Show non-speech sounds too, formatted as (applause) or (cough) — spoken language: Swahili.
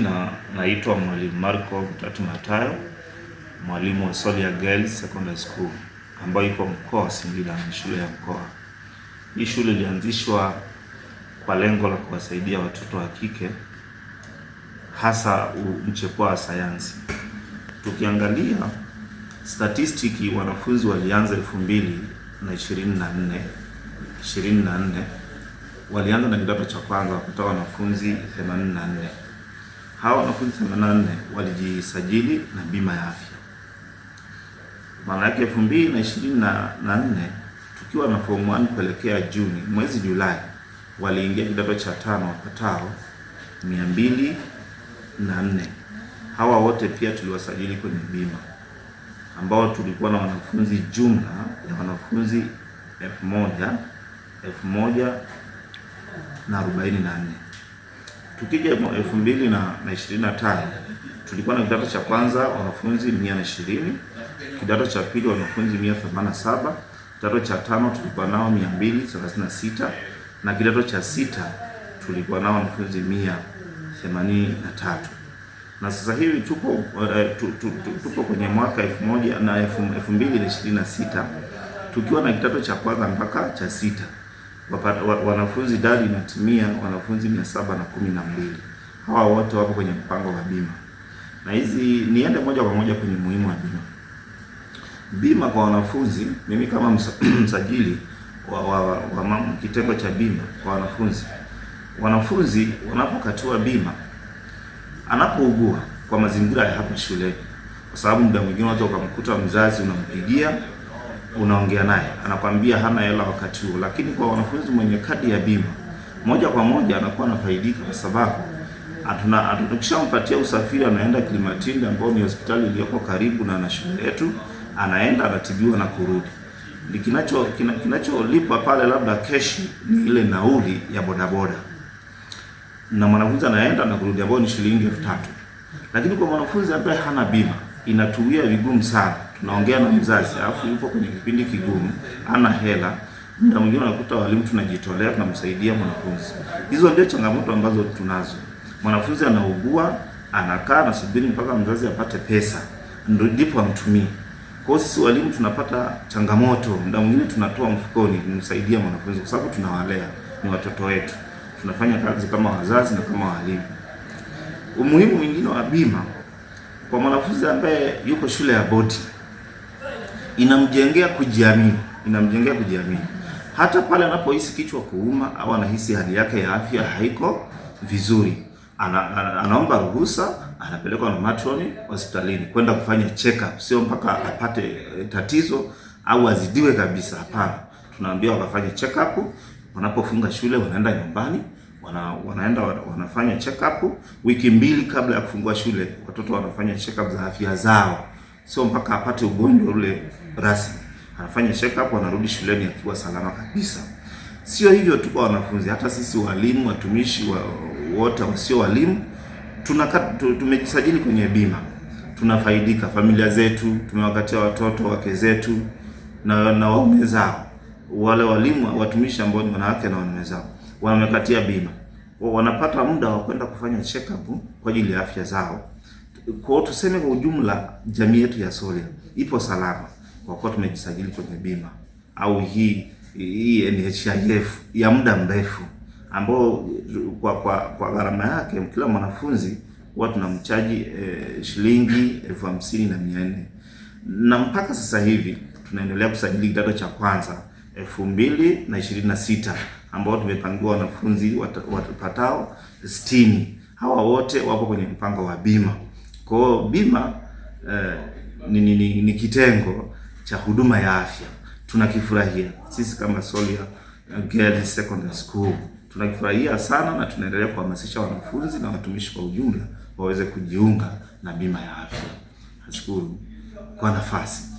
Na naitwa Mwalimu Marco Mtatu Matayo, mwalimu wa Solya Girls Secondary School ambayo iko mkoa wa Singida na shule ya mkoa. Hii shule ilianzishwa kwa lengo la kuwasaidia watoto wa kike hasa mchepuo wa sayansi. Tukiangalia statistiki, wanafunzi walianza elfu mbili na ishirini na nne ishirini na nne walianza na kidato cha kwanza wakatoa wanafunzi 84 hawa wanafunzi 84 walijisajili na bima ya afya. Maana yake 2024 tukiwa na form 1 kuelekea Juni, mwezi Julai waliingia kidato cha tano wapatao 204. Hawa wote pia tuliwasajili kwenye bima ambao tulikuwa na wanafunzi jumla ya wanafunzi elfu moja elfu moja na arobaini na nne. Tukija elfu mbili na ishirini na tano tulikuwa na kidato cha kwanza wanafunzi mia na ishirini kidato cha pili wanafunzi mia themanini na saba kidato cha tano tulikuwa nao mia mbili thelathini na sita na kidato cha sita tulikuwa nao wanafunzi mia themanini na tatu na sasa hivi tuko uh, tu, tu, tu, tupo kwenye mwaka elfu moja na elfu mbili na ishirini na sita tukiwa na kidato cha kwanza mpaka cha sita wanafunzi idadi inatumia wanafunzi mia saba na kumi na mbili. Hawa wote wapo kwenye mpango wa bima, na hizi niende moja kwa moja kwenye muhimu wa bima. Bima kwa wanafunzi, mimi kama (clears throat) msajili wa, wa, wa, wa kitengo cha bima kwa wanafunzi, wanafunzi wanapokatiwa bima anapougua kwa mazingira ya hapa shuleni, kwa sababu muda mwingine watu ukamkuta mzazi unampigia unaongea naye anakwambia hana hela wakati huo, lakini kwa wanafunzi mwenye kadi ya bima moja kwa moja anakuwa anafaidika, kwa sababu tukishampatia usafiri anaenda Kilimatinde ambao ni hospitali iliyoko karibu na na shule yetu, anaenda anatibiwa na kurudi. Kinacho kinacholipa pale labda keshi ni ile nauli ya bodaboda, na mwanafunzi anaenda na kurudi, ambao ni shilingi elfu tatu. Lakini kwa mwanafunzi ambaye hana bima inatuia vigumu sana. Tunaongea na mzazi alafu yupo kwenye kipindi kigumu, ana hela, muda mwingine unakuta walimu tunajitolea, tunamsaidia mwanafunzi. Hizo ndio changamoto ambazo tunazo. Mwanafunzi anaugua, anakaa, na subiri mpaka mzazi apate pesa ndipo amtumie. Kwa hiyo sisi walimu tunapata changamoto, muda mwingine tunatoa mfukoni kumsaidia mwanafunzi, kwa sababu tunawalea, ni watoto wetu, tunafanya kazi kama wazazi na kama walimu. Umuhimu mwingine wa bima kwa mwanafunzi ambaye yuko shule ya boti inamjengea kujiamini, inamjengea kujiamini hata pale anapohisi kichwa kuuma au anahisi hali yake ya afya haiko vizuri, ana, ana, anaomba ruhusa, anapelekwa na matroni hospitalini kwenda kufanya check up. Sio mpaka apate eh, tatizo au azidiwe kabisa, hapana. Tunaambiwa wakafanya check up, wanapofunga shule wanaenda nyumbani wana, wanaenda wanafanya check up wiki mbili kabla ya kufungua shule, watoto wanafanya check up za afya zao, sio mpaka apate ugonjwa ule rasmi. Anafanya check up, anarudi shuleni akiwa salama kabisa. Sio hivyo tu kwa wanafunzi, hata sisi walimu, watumishi wa wote wasio walimu tumejisajili kwenye bima, tunafaidika. Familia zetu tumewakatia watoto wake zetu na, na waume zao, wale walimu watumishi ambao ni wanawake na wanaume zao wamekatia bima, wanapata muda wa kwenda kufanya check up kwa ajili ya afya zao. Kwa tuseme kwa ujumla, jamii yetu ya Soria ipo salama kwa kuwa tumejisajili kwenye bima au hii hii NHIF ya muda mrefu ambao kwa kwa, kwa gharama yake kila mwanafunzi huwa tunamchaji eh, shilingi elfu hamsini na mia nne na mpaka sasa hivi tunaendelea kusajili kidato cha kwanza elfu mbili na ishirini na sita ambao tumepangiwa wanafunzi wapatao sitini. Hawa wote wapo kwenye mpango wa bima. Kwa hiyo bima eh, ni, ni, ni, ni kitengo cha huduma ya afya tunakifurahia sisi kama Solya uh, Girls Secondary School tunakifurahia sana, na tunaendelea kuhamasisha wanafunzi na watumishi kwa ujumla waweze kujiunga na bima ya afya. Nashukuru kwa nafasi.